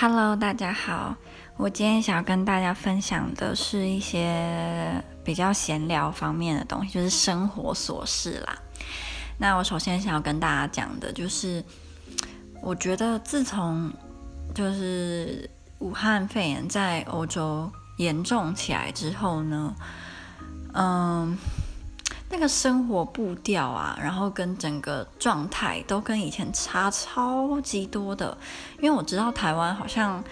Hello，大家好，我今天想要跟大家分享的是一些比較閒聊方面的東西，就是生活瑣事啦。那我首先想要跟大家講的就是，我覺得自從就是武漢肺炎在歐洲嚴重起來之後呢，嗯。那個生活步調啊，然後跟整個狀態都跟以前差超級多的，因為我知道台灣好像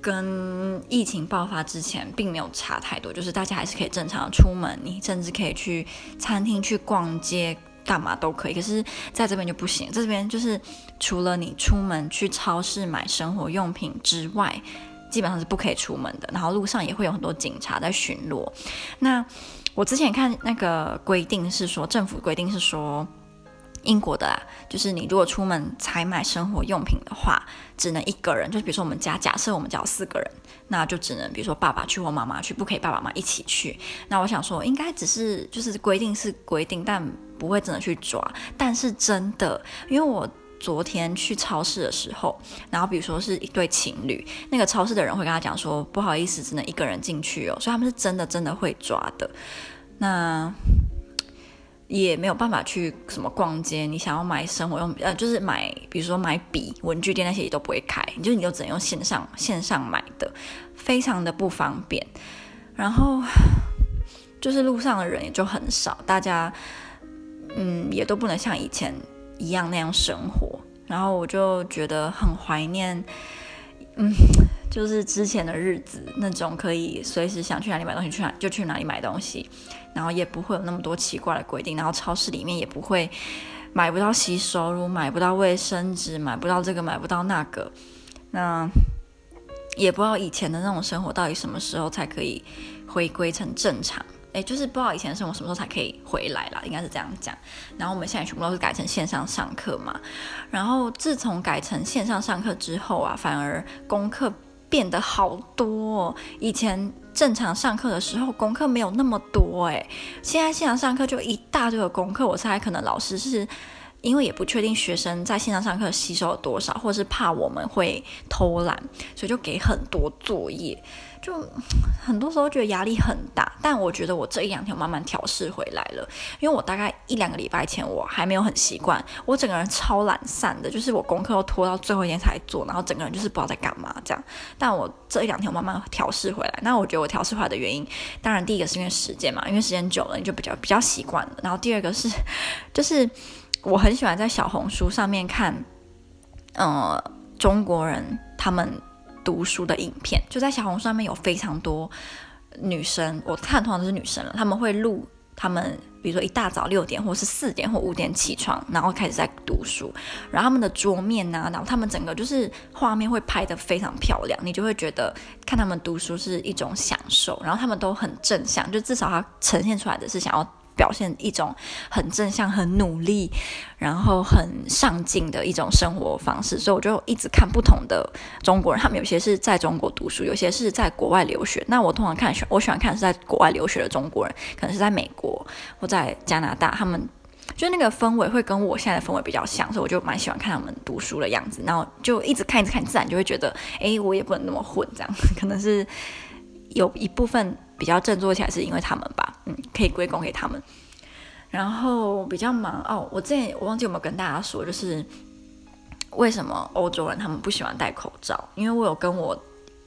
跟疫情爆發之前並沒有差太多，就是大家還是可以正常出門，你甚至可以去餐廳、去逛街、幹嘛都可以。可是在這邊就不行，這邊就是除了你出門去超市買生活用品之外，基本上是不可以出門的。然後路上也會有很多警察在巡邏。那我之前看那個規定是說，政府規定是說，英國的啊，就是你如果出門採買生活用品的話，只能一個人。就是比如說我們家，假設我們家有四個人，那就只能比如說爸爸去或媽媽去，不可以爸爸媽媽一起去。那我想說，應該只是就是規定是規定，但不會真的去抓。但是真的，因為我昨天去超市的時候，然後比如說是一對情侶，那個超市的人會跟他講說：“不好意思，只能一個人進去哦。”所以他們是真的真的會抓的。那也沒有辦法去什麼逛街，你想要買生活用品呃，就是買比如說買筆、文具店那些也都不會開，你就你就只能用線上線上買的，非常的不方便。然後就是路上的人也就很少，大家嗯也都不能像以前。一樣那樣生活，然後我就覺得很懷念，嗯，就是之前的日子，那種可以隨時想去哪裡買東西，去哪就去哪裡買東西，然後也不會有那麼多奇怪的規定，然後超市裡面也不會買不到洗手乳，買不到衛生紙，買不到這個，買不到那個，那也不知道以前的那種生活到底什麼時候才可以回歸成正常。誒，就是不知道以前是我什麼時候才可以回來了，應該是這樣講。然後我們現在全部都是改成線上上課嘛。然後自從改成線上上課之後啊，反而功課變得好多哦。以前正常上課的時候，功課沒有那麼多誒，現在線上上課就一大堆的功課，我猜可能老師是因為也不確定學生在線上上課吸收了多少，或是怕我們會偷懶，所以就給很多作業。就很多時候覺得壓力很大，但我覺得我這一兩天慢慢調試回來了，因為我大概一兩個禮拜前我還沒有很習慣，我整個人超懶散的，就是我功課都拖到最後一天才做，然後整個人就是不知道在幹嘛這樣。但我這一兩天我慢慢調試回來，那我覺得我調試回來的原因，當然第一個是因為時間嘛，因為時間久了你就比較比較習慣了，然後第二個是就是我很喜歡在小紅書上面看，嗯、呃，中國人他們。讀書的影片，就在小紅書上面有非常多女生，我看通常都是女生了，他們會錄他們，比如說一大早六點或是四點或五點起床，然後開始在讀書，然後他們的桌面吶、啊，然後他們整個就是畫面會拍得非常漂亮，你就會覺得看他們讀書是一種享受，然後他們都很正向，就至少他呈現出來的是想要。表現一種很正向、很努力，然後很上進的一種生活方式，所以我就一直看不同的中國人，他們有些是在中國讀書，有些是在國外留學。那我通常看，我喜歡看是在國外留學的中國人，可能是在美國或在加拿大，他們就那個氛圍會跟我現在的氛圍比較像，所以我就蠻喜歡看他們讀書的樣子。然後就一直看，一直看，自然就會覺得，誒，我也不能那麼混，這樣可能是有一部分。比較振作起來是因為他們吧，嗯，可以歸功給他們。然後比較忙哦，我之前我忘記有沒有跟大家說，就是為什麼歐洲人他們不喜歡戴口罩？因為我有跟我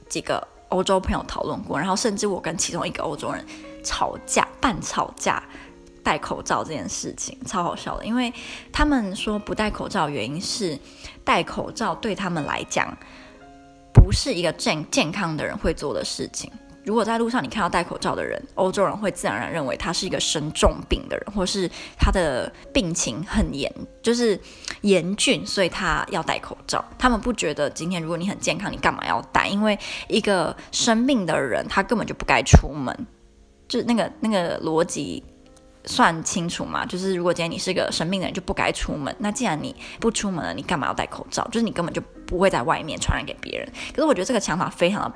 幾個歐洲朋友討論過，然後甚至我跟其中一個歐洲人吵架，半吵架戴口罩這件事情超好笑的，因為他們說不戴口罩原因是戴口罩對他們來講不是一個健健康的人會做的事情。如果在路上你看到戴口罩的人，歐洲人會自然而然認為他是一個生重病的人，或是他的病情很嚴，就是嚴峻，所以他要戴口罩。他們不覺得今天如果你很健康，你幹嘛要戴？因為一個生病的人他根本就不該出門，就是那個那個邏輯算清楚嘛？就是如果今天你是一個生病的人，就不該出門，那既然你不出門了，你幹嘛要戴口罩？就是你根本就不會在外面傳染給別人。可是我覺得這個想法非常的。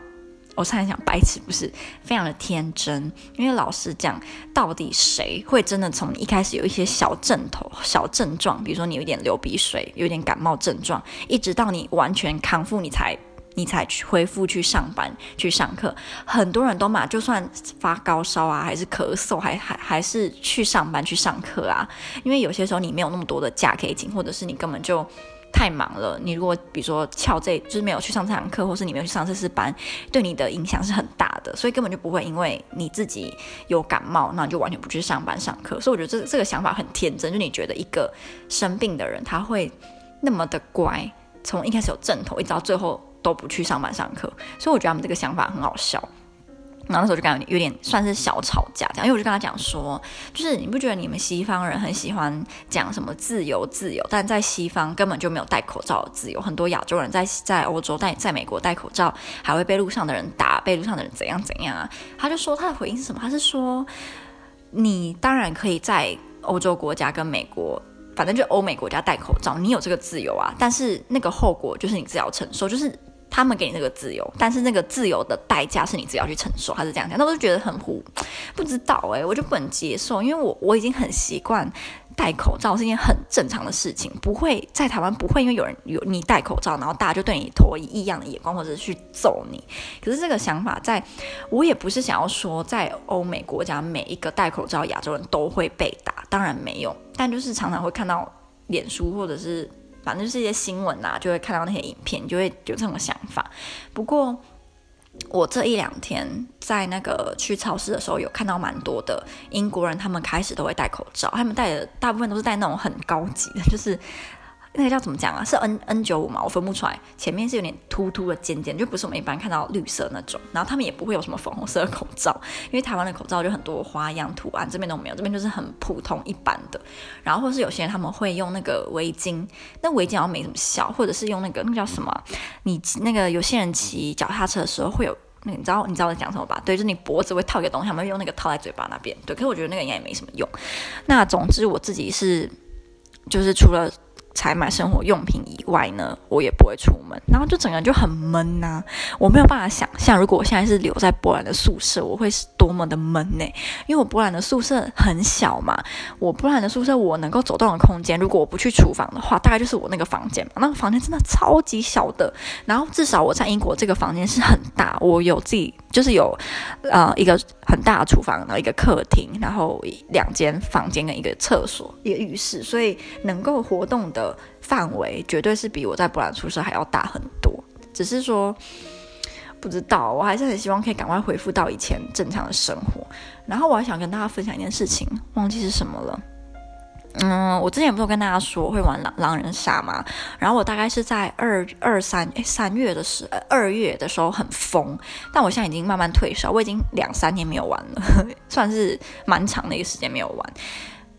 我常常講白痴不是非常的天真，因為老實講，到底誰會真的從一開始有一些小症頭、小症狀，比如說你有一點流鼻水，有點感冒症狀，一直到你完全康復，你才你才恢復去上班、去上課。很多人都嘛，就算發高燒啊，還是咳嗽，還還還是去上班去上課啊，因為有些時候你沒有那麼多的假可以請，或者是你根本就。太忙了，你如果比如說翹這，就是沒有去上這堂課，或是你沒有去上這次班，對你的影響是很大的，所以根本就不會因為你自己有感冒，那你就完全不去上班上課。所以我覺得這這個想法很天真，就你覺得一個生病的人他會那麼的乖，從一開始有症頭一直到最後都不去上班上課，所以我覺得他們這個想法很好笑。然後那時候就感覺有點算是小吵架這樣，因為我就跟他講說，就是你不覺得你們西方人很喜歡講什麼自由自由，但在西方根本就沒有戴口罩的自由，很多亞洲人在在歐洲戴，在美國戴口罩還會被路上的人打，被路上的人怎樣怎樣啊。他就說他的回應是什麼？他是說，你當然可以在歐洲國家跟美國，反正就歐美國家戴口罩，你有這個自由啊，但是那個後果就是你自己要承受，就是。他們給你那個自由，但是那個自由的代價是你自己要去承受，他是這樣講，那我就覺得很糊，不知道誒、欸，我就不能接受，因為我我已經很習慣戴口罩是一件很正常的事情，不會在台灣不會因為有人有你戴口罩，然後大家就對你投以異樣的眼光或者是去揍你。可是這個想法在，我也不是想要說在歐美國家每一個戴口罩亞洲人都會被打，當然沒有，但就是常常會看到臉書或者是。反正就是一些新聞啊，就會看到那些影片，就會有這種想法。不過，我這一兩天在那個去超市的時候，有看到蠻多的英國人，他們開始都會戴口罩，他們戴的大部分都是戴那種很高級的，就是。那個叫怎麼講啊？是 N N 九五嗎？我分不出來。前面是有點突突的尖尖，就不是我們一般看到的綠色那種。然後他們也不會有什麼粉紅色的口罩，因為台灣的口罩就很多花樣圖案，這邊都沒有。這邊就是很普通一般的。然後或是有些人他們會用那個圍巾，那圍巾好像沒什麼效，或者是用那個那個、叫什麼？你那個有些人騎腳踏車的時候會有，那個、你知道你知道我在講什麼吧？對，就是你脖子會套一個東西，他們會用那個套在嘴巴那邊。對，可是我覺得那個應該也沒什麼用。那總之我自己是就是除了。採買生活用品以外呢，我也不會出門，然後就整個人就很悶吶、啊。我沒有辦法想象，如果我現在是留在波蘭的宿舍，我會是多麼的悶呢、欸？因為我波蘭的宿舍很小嘛，我波蘭的宿舍我能夠走動的空間，如果我不去廚房的話，大概就是我那個房間嘛，那個房間真的超級小的。然後至少我在英國這個房間是很大，我有自己就是有啊、呃、一個很大的廚房，然後一個客廳，然後兩間房間跟一個廁所，一個浴室，所以能夠活動的。範圍絕對是比我在波蘭宿舍還要大很多，只是說不知道，我還是很希望可以趕快恢復到以前正常的生活。然後我還想跟大家分享一件事情，忘記是什麼了。嗯，我之前不是跟大家說會玩狼狼人殺嗎？然後我大概是在二二三三月的時二月的時候很瘋，但我現在已經慢慢退燒，我已經兩三年沒有玩了，算是蠻長的一個時間沒有玩。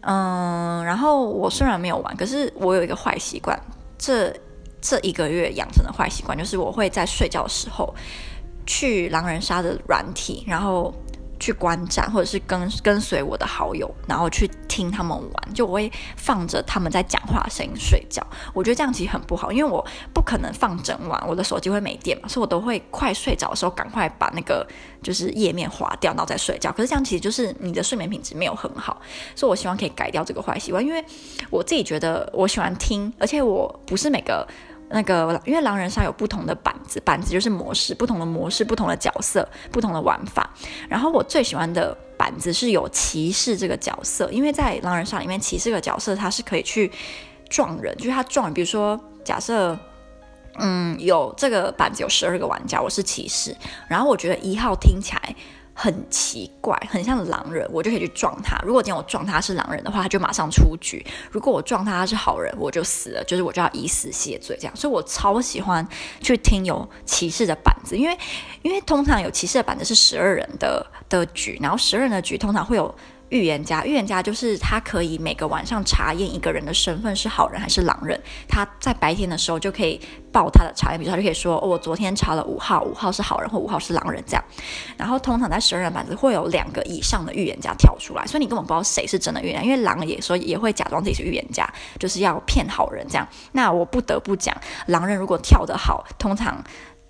嗯，然後我雖然沒有玩，可是我有一個壞習慣，這這一個月養成的壞習慣就是我會在睡覺的時候去狼人殺的軟體，然後。去觀戰，或者是跟跟隨我的好友，然後去聽他們玩，就我會放着他們在講話的聲音睡覺。我覺得這樣其實很不好，因為我不可能放整晚，我的手機會沒電嘛，所以我都會快睡着的時候趕快把那個就是頁面劃掉，然後再睡覺。可是這樣其實就是你的睡眠品質沒有很好，所以我希望可以改掉這個壞習慣，因為我自己覺得我喜歡聽，而且我不是每個。那個，因為狼人殺有不同的板子，板子就是模式，不同的模式，不同的角色，不同的玩法。然後我最喜歡的板子是有騎士這個角色，因為在狼人殺裡面，騎士這個角色他是可以去撞人，就是他撞，比如說假設，嗯，有這個板子有十二個玩家，我是騎士，然後我覺得一號聽起來。很奇怪，很像狼人，我就可以去撞他。如果今天我撞他是狼人的話，他就馬上出局；如果我撞他是好人，我就死了，就是我就要以死謝罪這樣。所以我超喜歡去聽有騎士的板子，因為因為通常有騎士的板子是十二人的的局，然後十二人的局通常會有。預言家，預言家就是他可以每個晚上查驗一個人的身份是好人還是狼人。他在白天的時候就可以報他的查驗，比如說他就可以說，哦，“我昨天查了五號，五號是好人，或五號是狼人。”這樣。然後通常在十二人板子會有兩個以上的預言家跳出來，所以你根本不知道誰是真的預言，因為狼也說也會假裝自己是預言家，就是要騙好人。這樣。那我不得不講，狼人如果跳得好，通常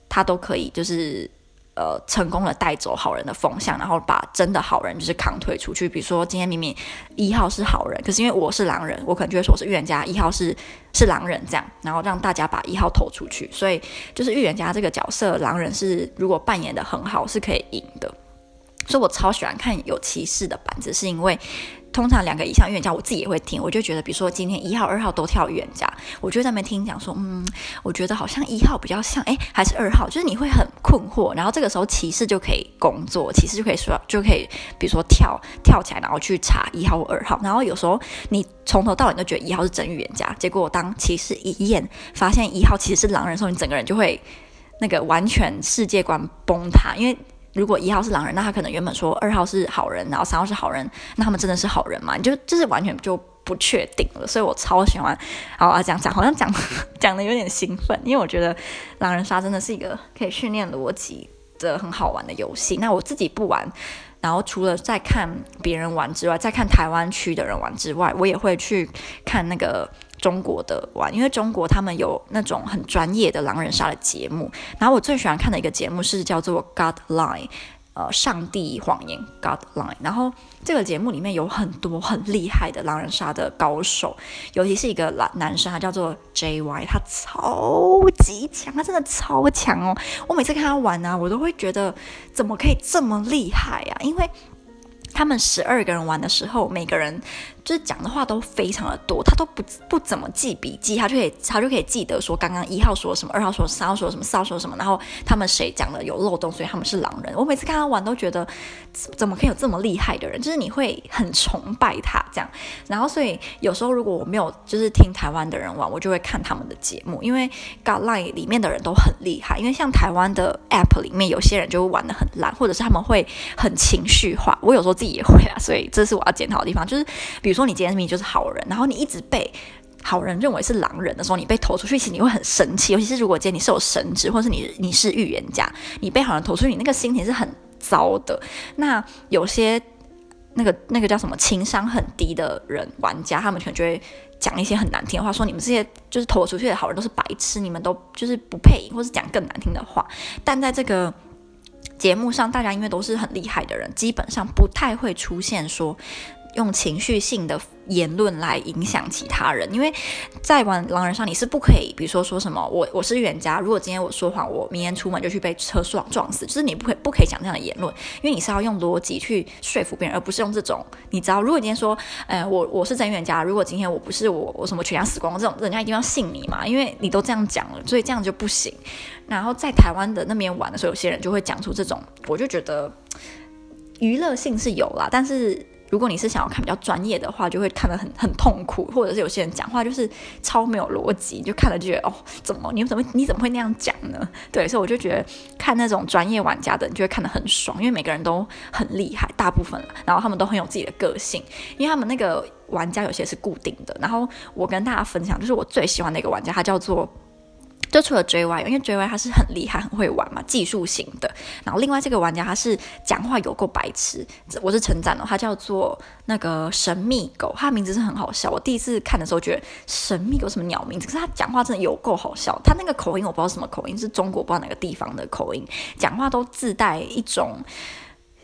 他都可以就是。呃，成功的帶走好人的風向，然後把真的好人就是扛推出去。比如說今天明明一號是好人，可是因為我是狼人，我可能就會說我是預言家，一號是是狼人這樣，然後讓大家把一號投出去。所以就是預言家這個角色，狼人是如果扮演得很好，是可以贏的。所以我超喜歡看有騎士的板子，是因為。通常兩個以上預言家，我自己也會聽。我就覺得，比如說今天一號、二號都跳預言家，我就在那邊聽講說，嗯，我覺得好像一號比較像，誒，還是二號。就是你會很困惑，然後這個時候騎士就可以工作，騎士就可以說就可以，比如說跳跳起來，然後去查一號或二號。然後有時候你從頭到尾都覺得一號是真預言家，結果當騎士一驗發現一號其實是狼人的時候，你整個人就會那個完全世界觀崩塌，因為。如果一號是狼人，那他可能原本說二號是好人，然後三號是好人，那他們真的是好人嘛，就就是完全就不確定了。所以我超喜歡，啊，我講講，好像講講得有點興奮，因為我覺得狼人殺真的是一個可以訓練邏輯的很好玩的遊戲。那我自己不玩，然後除了在看別人玩之外，在看台灣區的人玩之外，我也會去看那個。中國的玩，因為中國他們有那種很專業的狼人殺的節目。然後我最喜歡看的一個節目是叫做《Godline》，呃，《上帝謊言》Godline。然後這個節目裡面有很多很厲害的狼人殺的高手，尤其是一個男生，他叫做 JY，他超級強，他真的超強哦！我每次看他玩呢、啊，我都會覺得怎麼可以這麼厲害呀、啊？因為他們十二個人玩的時候，每個人。就是講的話都非常的多，他都不不怎麼記筆記，他就可以他就可以記得說剛剛一號說什麼，二號說什麼，三號說什麼，四號說什麼，然後他們誰講的有漏洞，所以他們是狼人。我每次看他玩都覺得怎麼可以有這麼厲害的人，就是你會很崇拜他這樣。然後所以有時候如果我沒有就是聽台灣的人玩，我就會看他們的節目，因為《God Line》裡面的人都很厲害。因為像台灣的 App 裡面有些人就會玩的很爛，或者是他們會很情緒化。我有時候自己也會啊，所以這是我要檢討的地方，就是比。比如說，你今天命就是好人，然後你一直被好人認為是狼人的時候，你被投出去，其實你會很生氣。尤其是如果今天你是有神職，或是你你是預言家，你被好人投出去，你那個心情是很糟的。那有些那個那個叫什麼情商很低的人玩家，他們全就會講一些很難聽的話，說你們這些就是投出去的好人都是白痴，你們都就是不配，或是講更難聽的話。但在這個節目上，大家因為都是很厲害的人，基本上不太會出現說。用情緒性的言論來影響其他人，因為在玩狼人殺，你是不可以，比如說說什麼我我是預言家，如果今天我說謊，我明天出門就去被車撞撞死，就是你不可以不可以講這樣的言論，因為你是要用邏輯去說服別人，而不是用這種你知道，如果今天說，嗯、呃，我我是真預言家，如果今天我不是我我什麼全家死光，這種人家一定要信你嘛，因為你都這樣講了，所以這樣就不行。然後在台灣的那邊玩的時候，有些人就會講出這種，我就覺得娛樂性是有啦，但是。如果你是想要看比較專業的話，就會看得很很痛苦，或者是有些人講話就是超沒有邏輯，就看了就覺得哦，怎麼你怎麼你怎麼會那樣講呢？對，所以我就覺得看那種專業玩家的，你就會看得很爽，因為每個人都很厲害，大部分了，然後他們都很有自己的個性，因為他們那個玩家有些是固定的。然後我跟大家分享，就是我最喜歡的一個玩家，他叫做。就除了 JY，因為 JY 他是很厲害、很會玩嘛，技術型的。然後另外這個玩家他是講話有夠白痴，我是成長的，他叫做那個神秘狗，他的名字是很好笑。我第一次看的時候覺得神秘狗什麼鳥名字，可是他講話真的有夠好笑，他那個口音我不知道是什麼口音，是中國我不知道哪個地方的口音，講話都自帶一種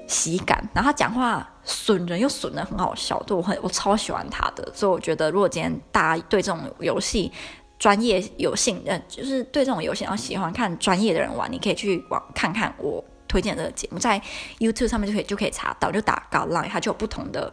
喜感，然後他講話損人又損的很好笑，對我很我超喜歡他的，所以我覺得如果今天大家對這種遊戲。.專業有性，呃，就是對這種遊戲，然後喜歡看專業的人玩，你可以去網看看我推薦的這個節目，在 YouTube 上面就可以就可以查到，就打高浪，它就有不同的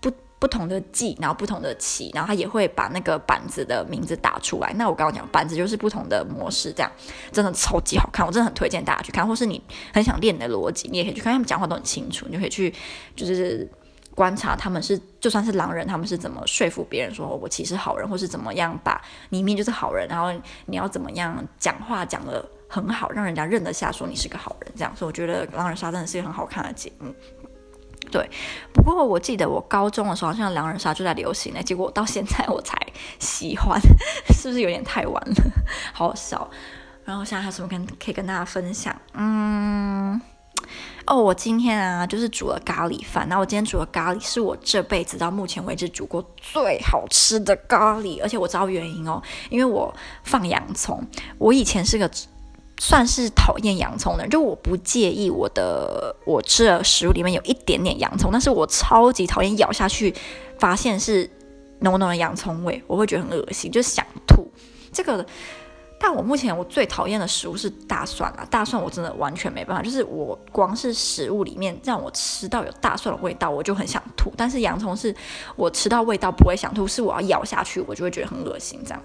不不同的季，然後不同的期，然後他也會把那個板子的名字打出來。那我剛剛講板子就是不同的模式，這樣真的超級好看，我真的很推薦大家去看。或是你很想練你的邏輯，你也可以去看，看，他們講話都很清楚，你就可以去就是。觀察他們是就算是狼人，他們是怎麼說服別人說“哦，我其實好人”或是怎麼樣把你明明就是好人，然後你要怎麼樣講話講得很好，讓人家認得下說你是個好人。這樣，所以我覺得《狼人殺》真的是一個很好看的節目。對，不過我記得我高中的時候好像《狼人殺》就在流行呢，結果到現在我才喜歡， 是不是有點太晚了？好笑。然後現在還有什麼跟可以跟大家分享？嗯。哦，我今天啊，就是煮了咖喱飯。那我今天煮的咖喱是我這輩子到目前為止煮過最好吃的咖喱，而且我知道原因哦，因為我放洋蔥。我以前是個算是討厭洋蔥的人，就我不介意我的我吃的食物裡面有一點點洋蔥，但是我超級討厭咬下去發現是濃濃的洋蔥味，我會覺得很噁心，就想吐。這個。但我目前我最討厭的食物是大蒜啊，大蒜我真的完全沒辦法，就是我光是食物裡面讓我吃到有大蒜的味道，我就很想吐。但是洋蔥是，我吃到味道不會想吐，是我要咬下去我就會覺得很噁心這樣。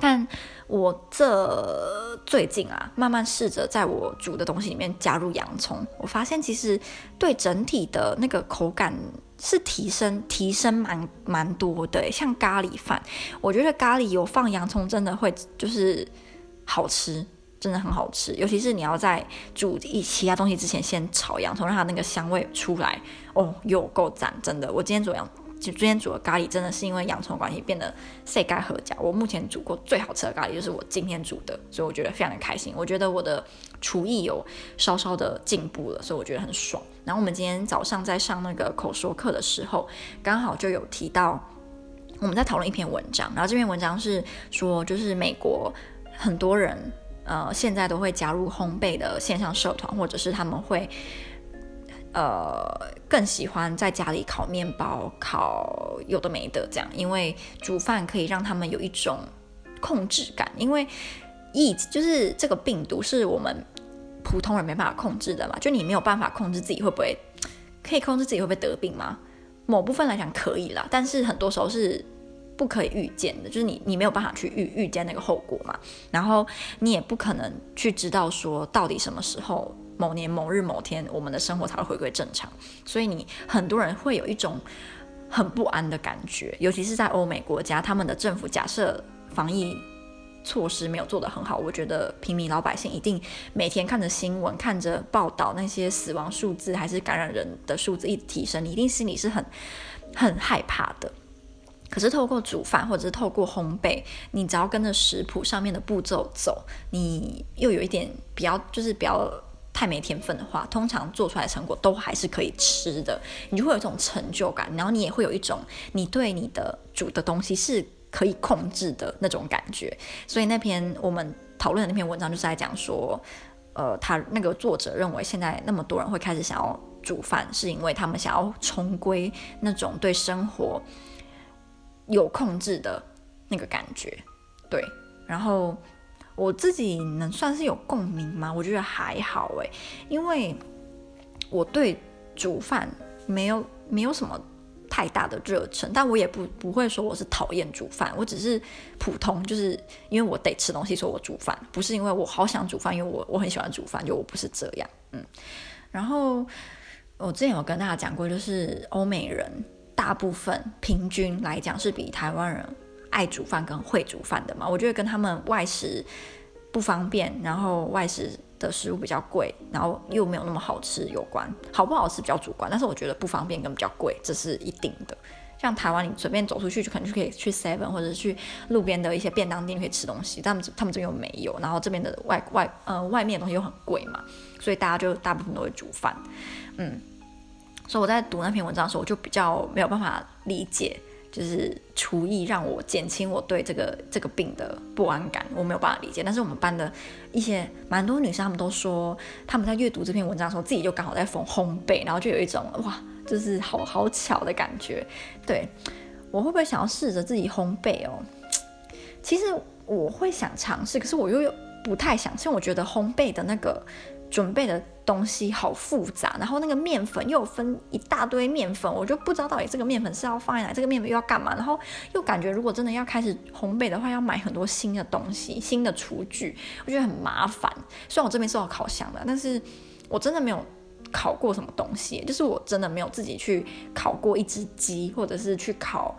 但我這最近啊，慢慢試着在我煮的東西裡面加入洋蔥，我發現其實對整體的那個口感。是提升，提升蠻蠻多的。像咖喱飯，我覺得咖喱有放洋蔥，真的會就是好吃，真的很好吃。尤其是你要在煮一其他東西之前，先炒洋蔥，讓它那個香味出來，哦，有夠讚，真的。我今天主要。就今天煮的咖喱真的是因為洋蔥關係，變得色、香、合家。我目前煮過最好吃的咖喱就是我今天煮的，所以我覺得非常的開心。我覺得我的廚藝有稍稍的進步了，所以我覺得很爽。然後我們今天早上在上那個口說課的時候，剛好就有提到我們在討論一篇文章，然後這篇文章是說就是美國很多人呃現在都會加入烘焙的線上社團，或者是他們會。呃，更喜歡在家裡烤麵包、烤有的沒的這樣，因為煮飯可以讓他們有一種控制感。因為疫就是這個病毒是我們普通人沒辦法控制的嘛，就你沒有辦法控制自己會不會，可以控制自己會不會得病嗎？某部分來講可以啦，但是很多時候是不可以預見的，就是你你沒有辦法去預預見那個後果嘛，然後你也不可能去知道說到底什麼時候。某年某日某天，我們的生活才會回歸正常。所以你很多人會有一種很不安的感覺，尤其是在歐美國家，他們的政府假設防疫措施沒有做得很好，我覺得平民老百姓一定每天看着新聞、看着報道那些死亡數字還是感染人的數字一直提升，你一定心裡是很很害怕的。可是透過煮飯或者是透過烘焙，你只要跟着食譜上面的步驟走，你又有一點比較就是比較。太沒天分的話，通常做出來的成果都還是可以吃的，你就會有一種成就感，然後你也會有一種你對你的煮的東西是可以控制的那種感覺。所以那篇我們討論的那篇文章就是在講說，呃，他那個作者認為現在那麼多人會開始想要煮飯，是因為他們想要重歸那種對生活有控制的那個感覺。對，然後。我自己能算是有共鳴嗎？我覺得還好誒、欸，因為我對煮飯沒有沒有什麼太大的熱忱，但我也不不會說我是討厭煮飯，我只是普通，就是因為我得吃東西，所以我煮飯，不是因為我好想煮飯，因為我我很喜歡煮飯，就我不是這樣，嗯。然後我之前有跟大家講過，就是歐美人大部分平均來講是比台灣人。愛煮飯跟會煮飯的嘛，我覺得跟他們外食不方便，然後外食的食物比較貴，然後又沒有那麼好吃有關。好不好吃比較主觀，但是我覺得不方便跟比較貴，這是一定的。像台灣，你隨便走出去就肯定就可以去 Seven 或者是去路邊的一些便當店可以吃東西，但他們他們這邊又沒有，然後這邊的外外呃外面的東西又很貴嘛，所以大家就大部分都會煮飯。嗯，所以我在讀那篇文章的時候，我就比較沒有辦法理解。就是廚藝讓我減輕我對這個這個病的不安感，我沒有辦法理解。但是我們班的一些蠻多女生，她們都說，她們在閱讀這篇文章的時候，自己就剛好在縫烘焙，然後就有一種哇，就是好好巧的感覺。對，我會不會想要試着自己烘焙哦？其實我會想嘗試，可是我又不太想，像我覺得烘焙的那個。準備的東西好複雜，然後那個麵粉又分一大堆麵粉，我就不知道到底這個麵粉是要放在哪，這個麵粉又要幹嘛。然後又感覺如果真的要開始烘焙的話，要買很多新的東西、新的廚具，我覺得很麻煩。雖然我這邊是有烤箱的，但是我真的沒有烤過什麼東西，就是我真的沒有自己去烤過一隻雞，或者是去烤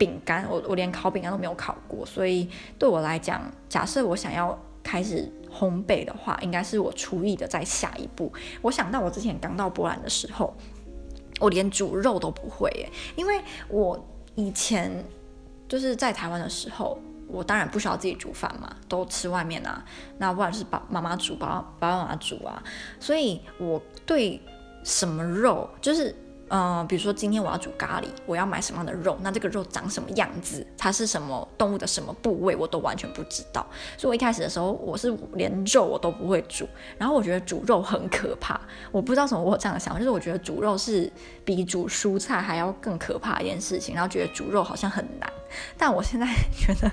餅乾，我我連烤餅乾都沒有烤過。所以對我來講，假設我想要。開始烘焙的話，應該是我廚藝的再下一步。我想到我之前剛到波蘭的時候，我連煮肉都不會耶，因為我以前就是在台灣的時候，我當然不需要自己煮飯嘛，都吃外面啊，那不然是爸媽媽煮，爸爸爸媽媽煮啊，所以我對什麼肉就是。嗯，比如說今天我要煮咖喱，我要買什麼樣的肉？那這個肉長什麼樣子？它是什麼動物的什麼部位？我都完全不知道。所以我一開始的時候，我是連肉我都不會煮，然後我覺得煮肉很可怕，我不知道為什麼我有這樣的想法，就是我覺得煮肉是比煮蔬菜還要更可怕一件事情，然後覺得煮肉好像很難。但我現在覺得。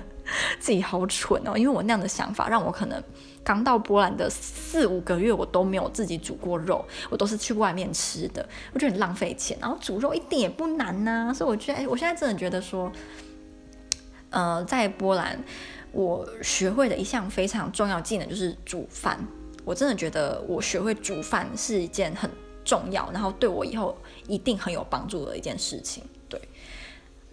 自己好蠢哦！因為我那樣的想法，讓我可能剛到波蘭的四五個月，我都沒有自己煮過肉，我都是去外面吃的。我覺得很浪費錢，然後煮肉一點也不難吶、啊。所以我覺得，我現在真的覺得說，呃，在波蘭我學會的一項非常重要技能就是煮飯。我真的覺得我學會煮飯是一件很重要，然後對我以後一定很有幫助的一件事情。對。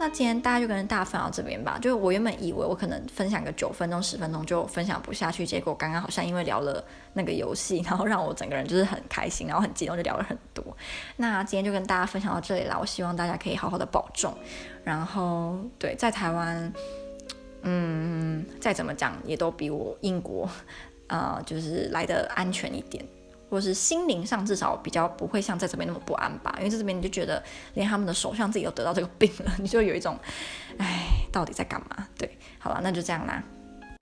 那今天大家就跟大家分享到這邊吧。就是我原本以為我可能分享個九分鐘、十分鐘就分享不下去，結果剛剛好像因為聊了那個遊戲，然後讓我整個人就是很開心，然後很激動，就聊了很多。那今天就跟大家分享到這裡啦。我希望大家可以好好的保重，然後對，在台灣，嗯，再怎麼講也都比我英國，呃，就是來得安全一點。或是心靈上至少比較不會像在這邊那麼不安吧，因為在這邊你就覺得連他們的首相自己都得到這個病了，你就會有一種，唉，到底在幹嘛？對，好了，那就這樣啦。